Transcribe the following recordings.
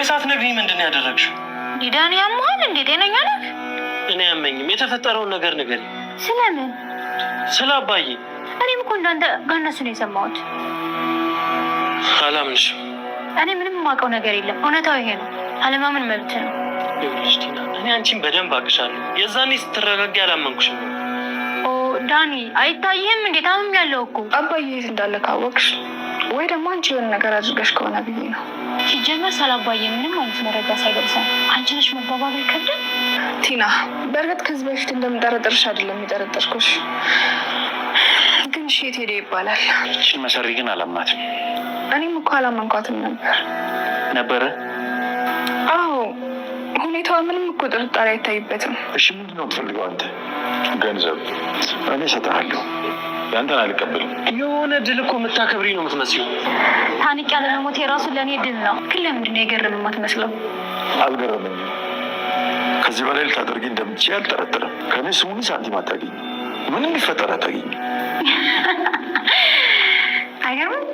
ቆይ ሳትነግሪኝ ምንድን ነው ያደረግሽው? ዲዳን ያመዋል እንዴ? ጤነኛ ነህ? እኔ አያመኝም። የተፈጠረውን ነገር ንገሪ። ስለምን? ስለ አባዬ። እኔም እኮ እንዳንተ ከእነሱ ነው የሰማሁት። አላምንሽም። እኔ ምንም የማውቀው ነገር የለም። እውነታው ይሄ ነው። አለማመን መብት ነው። እኔ አንቺን በደንብ አቅሻለሁ። የዛኔ ስትረጋጊ አላመንኩሽም። ዳኒ አይታይህም እንዴ? ብያለሁ እኮ አባዬ የት እንዳለ ካወቅሽ ወይ ደግሞ አንቺ የሆነ ነገር አድርገሽ ከሆነ ብዬ ነው። ሲጀመር ሳላባዬ ምንም አይነት መረጃ ሳይደርሰን አንቺ ነሽ መባባል አይከብድም። ቲና፣ በእርግጥ ከዚህ በፊት እንደምጠረጠርሽ አይደለም የሚጠረጠርኩሽ፣ ግን እሺ የት ሄደ ይባላል። እችን መሰሪ ግን አላምናትም። እኔም እኮ አላመንኳትም ነበር ነበረ። አዎ ሁኔታዋ ምንም እኮ ጥርጣሬ አይታይበትም። እሺ ምንድን ነው የምትፈልገው አንተ? ገንዘብ እኔ እሰጥሃለሁ ያንተን አልቀበልም። የሆነ ድል እኮ የምታከብሪ ነው የምትመስለው። ታንቅ ያለ መሞቴ የራሱ ለእኔ ድል ነው። ግን ለምንድን ነው የገረመ የማትመስለው? አልገረመም። ከዚህ በላይ ልታደርጊ እንደምትችል አልጠረጥርም። ከእኔ ስሙን ሳንቲም አታገኝ፣ ምንም ሊፈጠር አታገኝ። አይገርምም?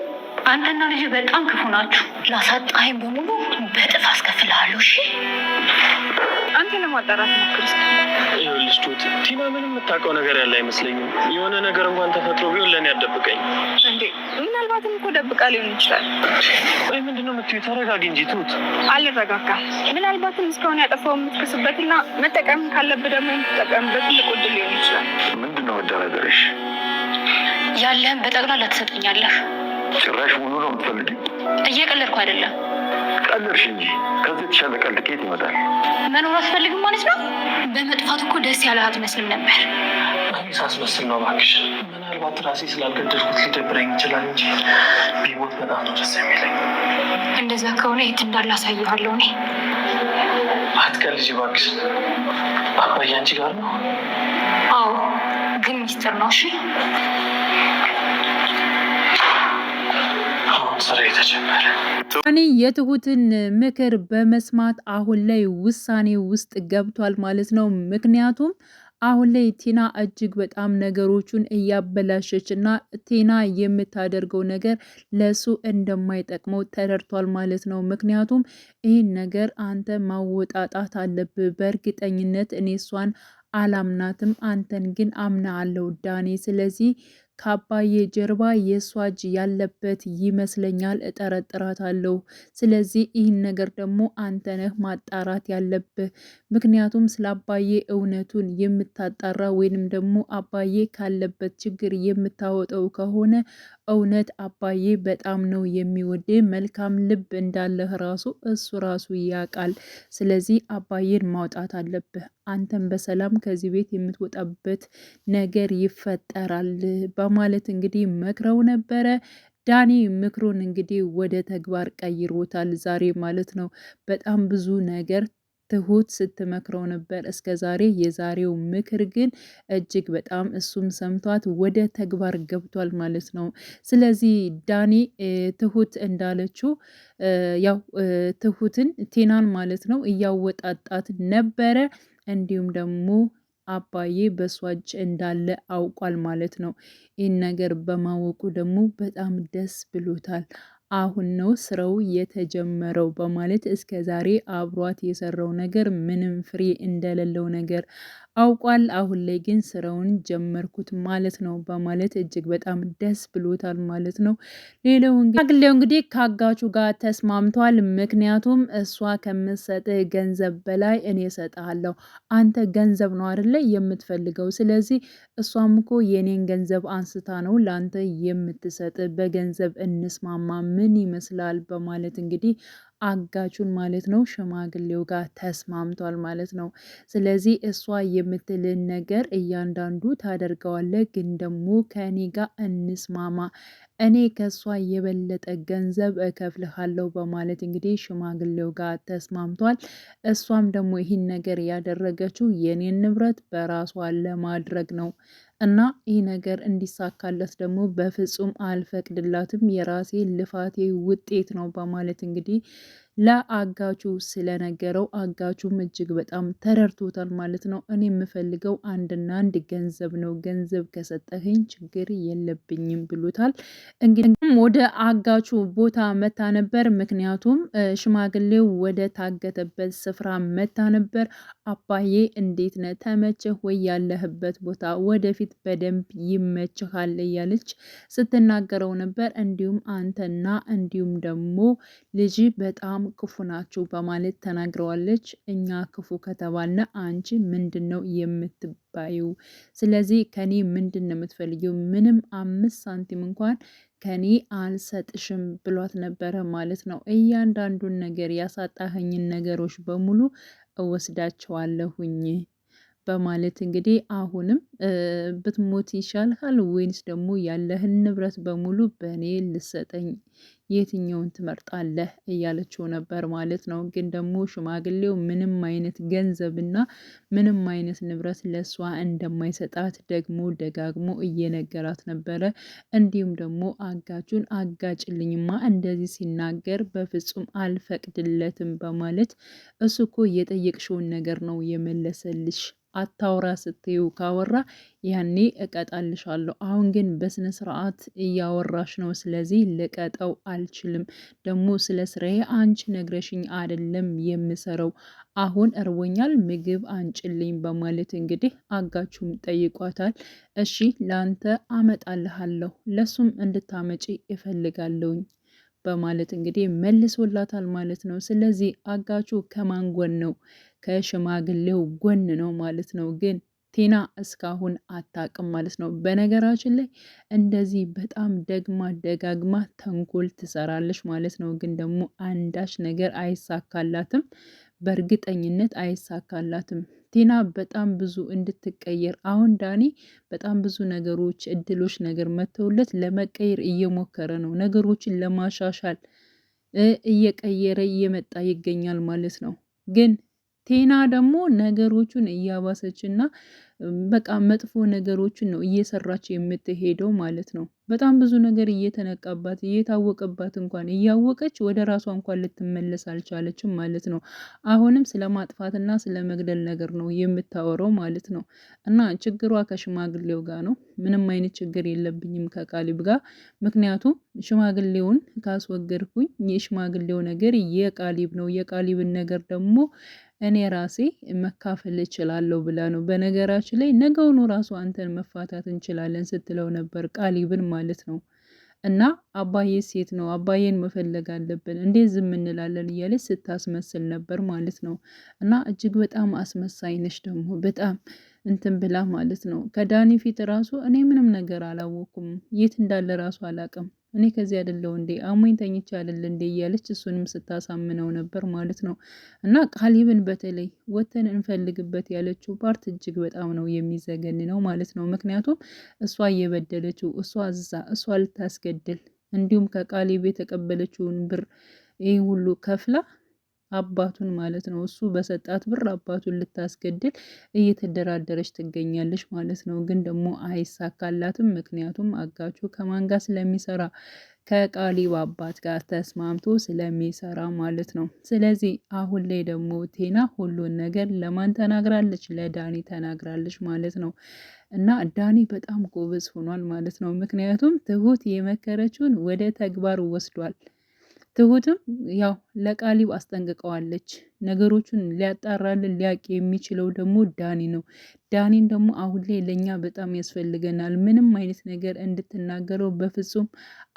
አንተና ልጅ በጣም ክፉ ናችሁ። ላሳጣኝ በሙሉ በጥፍ አስከፍልሃለሁ። እሺ አንተ ለማጣራት ሞክርስ ልስቱት ቲና ምንም የምታውቀው ነገር ያለ አይመስለኝም። የሆነ ነገር እንኳን ተፈጥሮ ቢሆን ለእኔ ያደብቀኝ እንዴ? ምናልባትም እኮ ደብቃ ሊሆን ይችላል። ወይ ምንድነው የምትይው? ተረጋጊ እንጂ ትሁት። አልረጋጋም። ምናልባትም እስካሁን ያጠፋው የምትክስበትና መጠቀም ካለብህ ደግሞ የምትጠቀምበት ትልቅ ዕድል ሊሆን ይችላል። ምንድነው መደራደርሽ? ያለህን በጠቅላላ ትሰጠኛለህ ጭራሽ ሆኖ ነው የምትፈልጊው? እየቀለድኩ አይደለም። ቀለድሽ እንጂ ከዚህ የተሻለ ቀልድ ከየት ይመጣል? መኖር አትፈልግም ማለት ነው? በመጥፋት እኮ ደስ ያለ አትመስልም ነበር። ሳስመስል ነው እባክሽ። ምናልባት ራሴ ስላልገደልኩት ሊደብረኝ ይችላል እንጂ ቢሞት በጣም ነው ደስ የሚለኝ። እንደዛ ከሆነ የት እንዳላሳየዋለሁ እኔ። አትቀልጂ እባክሽ። አባዬ አንቺ ጋር ነው? አዎ፣ ግን ሚስጥር ነው። እሺ አሁን ስራ የተጀመረ እኔ የትሁትን ምክር በመስማት አሁን ላይ ውሳኔ ውስጥ ገብቷል ማለት ነው። ምክንያቱም አሁን ላይ ቲና እጅግ በጣም ነገሮቹን እያበላሸች እና ቲና የምታደርገው ነገር ለሱ እንደማይጠቅመው ተረድቷል ማለት ነው። ምክንያቱም ይህን ነገር አንተ ማወጣጣት አለብህ። በእርግጠኝነት እኔ እሷን አላምናትም፣ አንተን ግን አምና አለው ዳኔ። ስለዚህ ከአባዬ ጀርባ የእሷ እጅ ያለበት ይመስለኛል፣ እጠረጥራታለሁ። ስለዚህ ይህን ነገር ደግሞ አንተ ነህ ማጣራት ያለብህ። ምክንያቱም ስለ አባዬ እውነቱን የምታጣራ ወይንም ደግሞ አባዬ ካለበት ችግር የምታወጠው ከሆነ እውነት አባዬ በጣም ነው የሚወድ መልካም ልብ እንዳለህ ራሱ እሱ ራሱ ያውቃል። ስለዚህ አባዬን ማውጣት አለብህ። አንተም በሰላም ከዚህ ቤት የምትወጣበት ነገር ይፈጠራል በማለት እንግዲህ መክረው ነበረ። ዳኒ ምክሩን እንግዲህ ወደ ተግባር ቀይሮታል ዛሬ ማለት ነው። በጣም ብዙ ነገር ትሁት ስትመክረው ነበር እስከ ዛሬ። የዛሬው ምክር ግን እጅግ በጣም እሱም ሰምቷት ወደ ተግባር ገብቷል ማለት ነው። ስለዚህ ዳኒ ትሁት እንዳለችው ያው ትሁትን ቴናን ማለት ነው እያወጣጣት ነበረ። እንዲሁም ደግሞ አባዬ በእሷ እጅ እንዳለ አውቋል ማለት ነው። ይህን ነገር በማወቁ ደግሞ በጣም ደስ ብሎታል። አሁን ነው ስራው የተጀመረው በማለት እስከ ዛሬ አብሯት የሰራው ነገር ምንም ፍሬ እንደሌለው ነገር አውቋል። አሁን ላይ ግን ስራውን ጀመርኩት ማለት ነው በማለት እጅግ በጣም ደስ ብሎታል ማለት ነው። ሌላው እንግዲህ እንግዲህ ከአጋቹ ጋር ተስማምቷል። ምክንያቱም እሷ ከምትሰጥህ ገንዘብ በላይ እኔ እሰጥሃለሁ። አንተ ገንዘብ ነው አይደለ የምትፈልገው? ስለዚህ እሷም እኮ የኔን ገንዘብ አንስታ ነው ለአንተ የምትሰጥ። በገንዘብ እንስማማ ምን ይመስላል በማለት እንግዲህ አጋቹን ማለት ነው ሽማግሌው ጋር ተስማምቷል ማለት ነው። ስለዚህ እሷ የምትልን ነገር እያንዳንዱ ታደርገዋለህ፣ ግን ደግሞ ከእኔ ጋር እንስማማ፣ እኔ ከእሷ የበለጠ ገንዘብ እከፍልሃለሁ በማለት እንግዲህ ሽማግሌው ጋር ተስማምቷል። እሷም ደግሞ ይህን ነገር ያደረገችው የኔን ንብረት በራሷ ለማድረግ ነው። እና ይህ ነገር እንዲሳካለት ደግሞ በፍጹም አልፈቅድላትም፣ የራሴ ልፋቴ ውጤት ነው በማለት እንግዲህ ለአጋቹ ስለነገረው አጋቹም እጅግ በጣም ተረድቶታል ማለት ነው። እኔ የምፈልገው አንድና አንድ ገንዘብ ነው፣ ገንዘብ ከሰጠኸኝ ችግር የለብኝም ብሎታል። እንግዲህ ወደ አጋቹ ቦታ መታ ነበር፣ ምክንያቱም ሽማግሌው ወደ ታገተበት ስፍራ መታ ነበር። አባዬ እንዴት ነህ? ተመቸህ ወይ? ያለህበት ቦታ ወደፊት ፊት በደንብ ይመችሃል እያለች ስትናገረው ነበር። እንዲሁም አንተና እንዲሁም ደግሞ ልጅ በጣም ክፉ ናችሁ በማለት ተናግረዋለች። እኛ ክፉ ከተባለ አንቺ ምንድን ነው የምትባዩ? ስለዚህ ከኔ ምንድን ነው የምትፈልጊው? ምንም አምስት ሳንቲም እንኳን ከኔ አልሰጥሽም ብሏት ነበረ ማለት ነው። እያንዳንዱን ነገር ያሳጣኸኝን ነገሮች በሙሉ እወስዳቸዋለሁኝ በማለት እንግዲህ አሁንም ብትሞት ይሻልሃል ወይንስ ደግሞ ያለህን ንብረት በሙሉ በእኔ ልሰጠኝ የትኛውን ትመርጣለህ እያለችው ነበር ማለት ነው። ግን ደግሞ ሽማግሌው ምንም አይነት ገንዘብና ምንም አይነት ንብረት ለእሷ እንደማይሰጣት ደግሞ ደጋግሞ እየነገራት ነበረ። እንዲሁም ደግሞ አጋጁን አጋጭልኝማ እንደዚህ ሲናገር በፍጹም አልፈቅድለትም በማለት እሱ እኮ የጠየቅሽውን ነገር ነው የመለሰልሽ አታውራ ስትዩ ካወራ ያኔ እቀጣልሻለሁ። አሁን ግን በስነ ስርዓት እያወራሽ ነው። ስለዚህ ልቀጠው አልችልም። ደግሞ ስለ ስራዬ አንቺ ነግረሽኝ አይደለም የምሰራው። አሁን እርቦኛል፣ ምግብ አንጭልኝ በማለት እንግዲህ አጋችሁም ጠይቋታል። እሺ ላንተ አመጣልሃለሁ፣ ለሱም እንድታመጪ እፈልጋለሁኝ በማለት እንግዲህ መልሶላታል ማለት ነው። ስለዚህ አጋቹ ከማን ጎን ነው? ከሽማግሌው ጎን ነው ማለት ነው። ግን ቴና እስካሁን አታቅም ማለት ነው። በነገራችን ላይ እንደዚህ በጣም ደግማ ደጋግማ ተንኮል ትሰራለች ማለት ነው። ግን ደግሞ አንዳች ነገር አይሳካላትም፣ በእርግጠኝነት አይሳካላትም። ቲና በጣም ብዙ እንድትቀየር አሁን ዳኒ በጣም ብዙ ነገሮች እድሎች ነገር መተውለት ለመቀየር እየሞከረ ነው። ነገሮችን ለማሻሻል እየቀየረ እየመጣ ይገኛል ማለት ነው ግን ቴና ደግሞ ነገሮቹን እያባሰችና በቃ መጥፎ ነገሮችን ነው እየሰራች የምትሄደው ማለት ነው። በጣም ብዙ ነገር እየተነቃባት እየታወቀባት እንኳን እያወቀች ወደ ራሷ እንኳን ልትመለስ አልቻለችም ማለት ነው። አሁንም ስለ ማጥፋትና ስለ መግደል ነገር ነው የምታወራው ማለት ነው። እና ችግሯ ከሽማግሌው ጋር ነው። ምንም አይነት ችግር የለብኝም ከቃሊብ ጋር ምክንያቱም ሽማግሌውን ካስወገድኩኝ የሽማግሌው ነገር የቃሊብ ነው። የቃሊብን ነገር ደግሞ እኔ ራሴ መካፈል እችላለሁ ብላ ነው። በነገራችን ላይ ነገውኑ ራሱ አንተን መፋታት እንችላለን ስትለው ነበር ቃሊብን ማለት ነው። እና አባዬ ሴት ነው አባዬን መፈለግ አለብን እንዴት ዝም እንላለን እያለች ስታስመስል ነበር ማለት ነው። እና እጅግ በጣም አስመሳይ ነች ደግሞ በጣም እንትን ብላ ማለት ነው። ከዳኒ ፊት ራሱ እኔ ምንም ነገር አላወኩም፣ የት እንዳለ ራሱ አላቅም እኔ ከዚህ አይደለው እንዴ አሞኝ ተኝቼ አይደል እንዴ እያለች እሱንም ስታሳምነው ነበር ማለት ነው። እና ቃሊብን በተለይ ወተን እንፈልግበት ያለችው ፓርት እጅግ በጣም ነው የሚዘገን ነው ማለት ነው። ምክንያቱም እሷ እየበደለችው እሷ አዛ እሷ ልታስገድል እንዲሁም ከቃሊብ የተቀበለችውን ብር ይህ ሁሉ ከፍላ አባቱን ማለት ነው። እሱ በሰጣት ብር አባቱን ልታስገድል እየተደራደረች ትገኛለች ማለት ነው። ግን ደግሞ አይሳካላትም። ምክንያቱም አጋቹ ከማን ጋር ስለሚሰራ ከቃሊብ አባት ጋር ተስማምቶ ስለሚሰራ ማለት ነው። ስለዚህ አሁን ላይ ደግሞ ቴና ሁሉን ነገር ለማን ተናግራለች? ለዳኒ ተናግራለች ማለት ነው። እና ዳኒ በጣም ጎበዝ ሆኗል ማለት ነው። ምክንያቱም ትሁት የመከረችውን ወደ ተግባር ወስዷል። ትሁትም ያው ለቃሊብ አስጠንቅቀዋለች። ነገሮቹን ሊያጣራልን ሊያቅ የሚችለው ደግሞ ዳኒ ነው። ዳኒን ደግሞ አሁን ላይ ለእኛ በጣም ያስፈልገናል። ምንም አይነት ነገር እንድትናገረው በፍጹም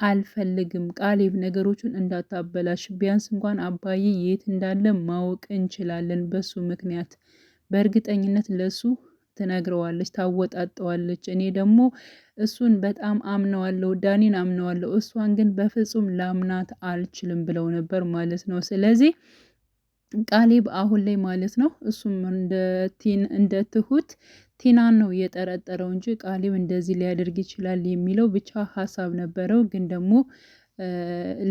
አልፈልግም። ቃሊብ ነገሮቹን እንዳታበላሽ፣ ቢያንስ እንኳን አባዬ የት እንዳለ ማወቅ እንችላለን በሱ ምክንያት በእርግጠኝነት ለሱ ትነግረዋለች፣ ታወጣጠዋለች። እኔ ደግሞ እሱን በጣም አምነዋለሁ፣ ዳኒን አምነዋለሁ፣ እሷን ግን በፍጹም ላምናት አልችልም ብለው ነበር ማለት ነው። ስለዚህ ቃሌብ አሁን ላይ ማለት ነው እሱም እንደ ትሁት ቲናን ነው የጠረጠረው እንጂ ቃሌብ እንደዚህ ሊያደርግ ይችላል የሚለው ብቻ ሀሳብ ነበረው ግን ደግሞ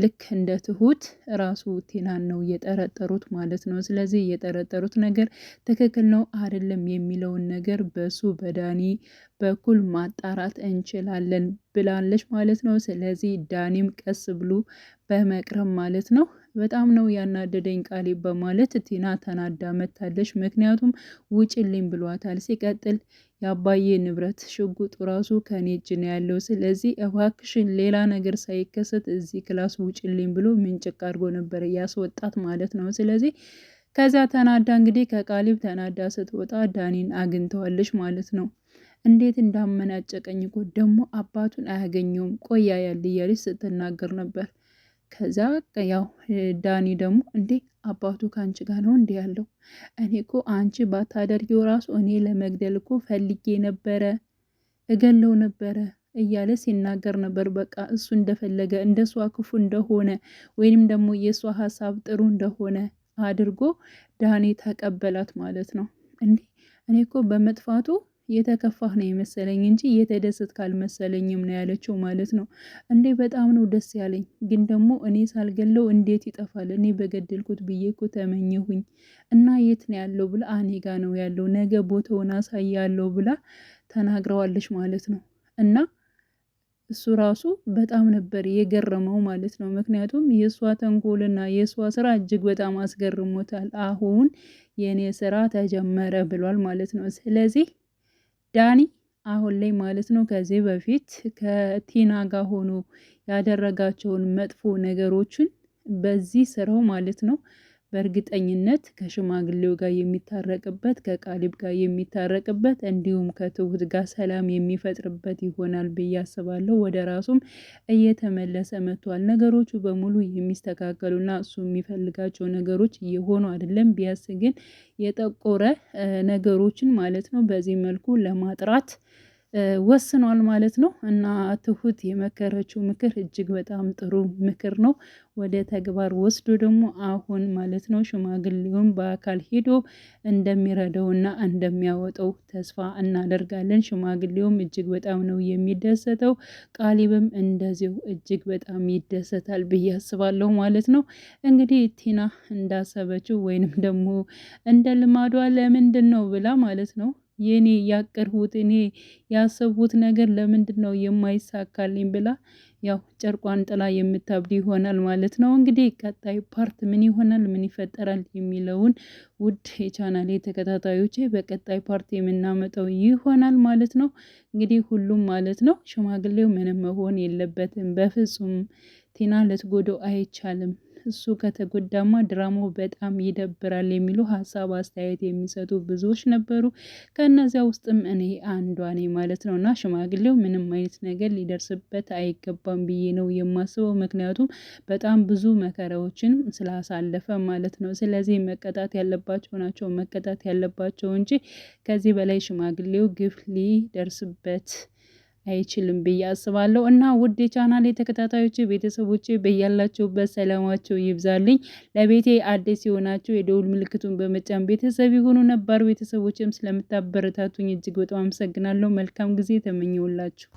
ልክ እንደ ትሁት ራሱ ቴናን ነው የጠረጠሩት ማለት ነው። ስለዚህ የጠረጠሩት ነገር ትክክል ነው አይደለም የሚለውን ነገር በሱ በዳኒ በኩል ማጣራት እንችላለን ብላለች ማለት ነው። ስለዚህ ዳኒም ቀስ ብሎ በመቅረብ ማለት ነው በጣም ነው ያናደደኝ ቃሌ በማለት ቲና ተናዳ መታለች። ምክንያቱም ውጭልኝ ብሏታል። ሲቀጥል የአባዬ ንብረት ሽጉጡ ራሱ ከኔ እጅ ነው ያለው። ስለዚህ እባክሽን ሌላ ነገር ሳይከሰት እዚህ ክላስ ውጭልኝ ብሎ ምንጭቅ አድርጎ ነበር ያስወጣት ማለት ነው። ስለዚህ ከዚያ ተናዳ እንግዲህ ከቃሊብ ተናዳ ስትወጣ ዳኒን አግኝተዋለች ማለት ነው። እንዴት እንዳመናጨቀኝ እኮ ደግሞ አባቱን አያገኘውም ቆያ ያል እያለች ስትናገር ነበር። ከዛ ያው ዳኒ ደግሞ እንዴ አባቱ ከአንቺ ጋር ነው እንዲህ ያለው? እኔ እኮ አንቺ ባታደርጊው ራሱ እኔ ለመግደል እኮ ፈልጌ ነበረ እገለው ነበረ እያለ ሲናገር ነበር። በቃ እሱ እንደፈለገ እንደሷ ክፉ እንደሆነ ወይንም ደግሞ የእሷ ሀሳብ ጥሩ እንደሆነ አድርጎ ዳኔ ተቀበላት ማለት ነው። እንዴ እኔ እኮ በመጥፋቱ የተከፋህ ነው የመሰለኝ እንጂ የተደሰት ካልመሰለኝም ነው ያለችው ማለት ነው። እንዴ በጣም ነው ደስ ያለኝ፣ ግን ደግሞ እኔ ሳልገለው እንዴት ይጠፋል? እኔ በገደልኩት ብዬ እኮ ተመኘሁኝ እና የት ነው ያለው ብላ እኔ ጋ ነው ያለው ነገ ቦታውን አሳያለሁ ብላ ተናግረዋለች ማለት ነው እና እሱ ራሱ በጣም ነበር የገረመው ማለት ነው። ምክንያቱም የእሷ ተንኮልና የእሷ ስራ እጅግ በጣም አስገርሞታል። አሁን የእኔ ስራ ተጀመረ ብሏል ማለት ነው። ስለዚህ ዳኒ አሁን ላይ ማለት ነው ከዚህ በፊት ከቲና ጋር ሆኖ ያደረጋቸውን መጥፎ ነገሮችን በዚህ ስራው ማለት ነው በእርግጠኝነት ከሽማግሌው ጋር የሚታረቅበት ከቃሊብ ጋር የሚታረቅበት እንዲሁም ከትሁት ጋር ሰላም የሚፈጥርበት ይሆናል ብዬ አስባለሁ። ወደ ራሱም እየተመለሰ መጥቷል። ነገሮቹ በሙሉ የሚስተካከሉና እሱ የሚፈልጋቸው ነገሮች እየሆኑ አይደለም። ቢያንስ ግን የጠቆረ ነገሮችን ማለት ነው በዚህ መልኩ ለማጥራት ወስኗል ማለት ነው። እና ትሁት የመከረችው ምክር እጅግ በጣም ጥሩ ምክር ነው። ወደ ተግባር ወስዶ ደግሞ አሁን ማለት ነው ሽማግሌውን በአካል ሄዶ ና እንደሚያወጣው ተስፋ እናደርጋለን። ሽማግሌውም እጅግ በጣም ነው የሚደሰተው። ቃሊብም እንደዚሁ እጅግ በጣም ይደሰታል ብዬ አስባለሁ ማለት ነው። እንግዲህ ቲና እንዳሰበችው ወይንም ደግሞ እንደ ልማዷ ለምንድን ነው ብላ ማለት ነው የኔ ያቀርሁት እኔ ያሰቡት ነገር ለምንድን ነው የማይሳካልኝ? ብላ ያው ጨርቋን ጥላ የምታብድ ይሆናል ማለት ነው። እንግዲህ ቀጣይ ፓርት ምን ይሆናል፣ ምን ይፈጠራል የሚለውን ውድ የቻናሌ ተከታታዮች በቀጣይ ፓርት የምናመጣው ይሆናል ማለት ነው። እንግዲህ ሁሉም ማለት ነው ሽማግሌው ምንም መሆን የለበትም በፍጹም ቴና ልትጎዶ አይቻልም። እሱ ከተጎዳማ ድራማው በጣም ይደብራል የሚሉ ሀሳብ አስተያየት የሚሰጡ ብዙዎች ነበሩ። ከእነዚያ ውስጥም እኔ አንዷ ነኝ ማለት ነው። እና ሽማግሌው ምንም አይነት ነገር ሊደርስበት አይገባም ብዬ ነው የማስበው። ምክንያቱም በጣም ብዙ መከራዎችን ስላሳለፈ ማለት ነው። ስለዚህ መቀጣት ያለባቸው ናቸው መቀጣት ያለባቸው እንጂ ከዚህ በላይ ሽማግሌው ግፍ ሊደርስበት አይችልም ብዬ አስባለሁ። እና ውድ የቻናል የተከታታዮች ቤተሰቦች በያላችሁበት ሰላማቸው ይብዛልኝ። ለቤቴ አዲስ የሆናችሁ የደውል ምልክቱን በመጫን ቤተሰብ የሆኑ ነባር ቤተሰቦችም ስለምታበረታቱኝ እጅግ በጣም አመሰግናለሁ። መልካም ጊዜ ተመኘውላችሁ።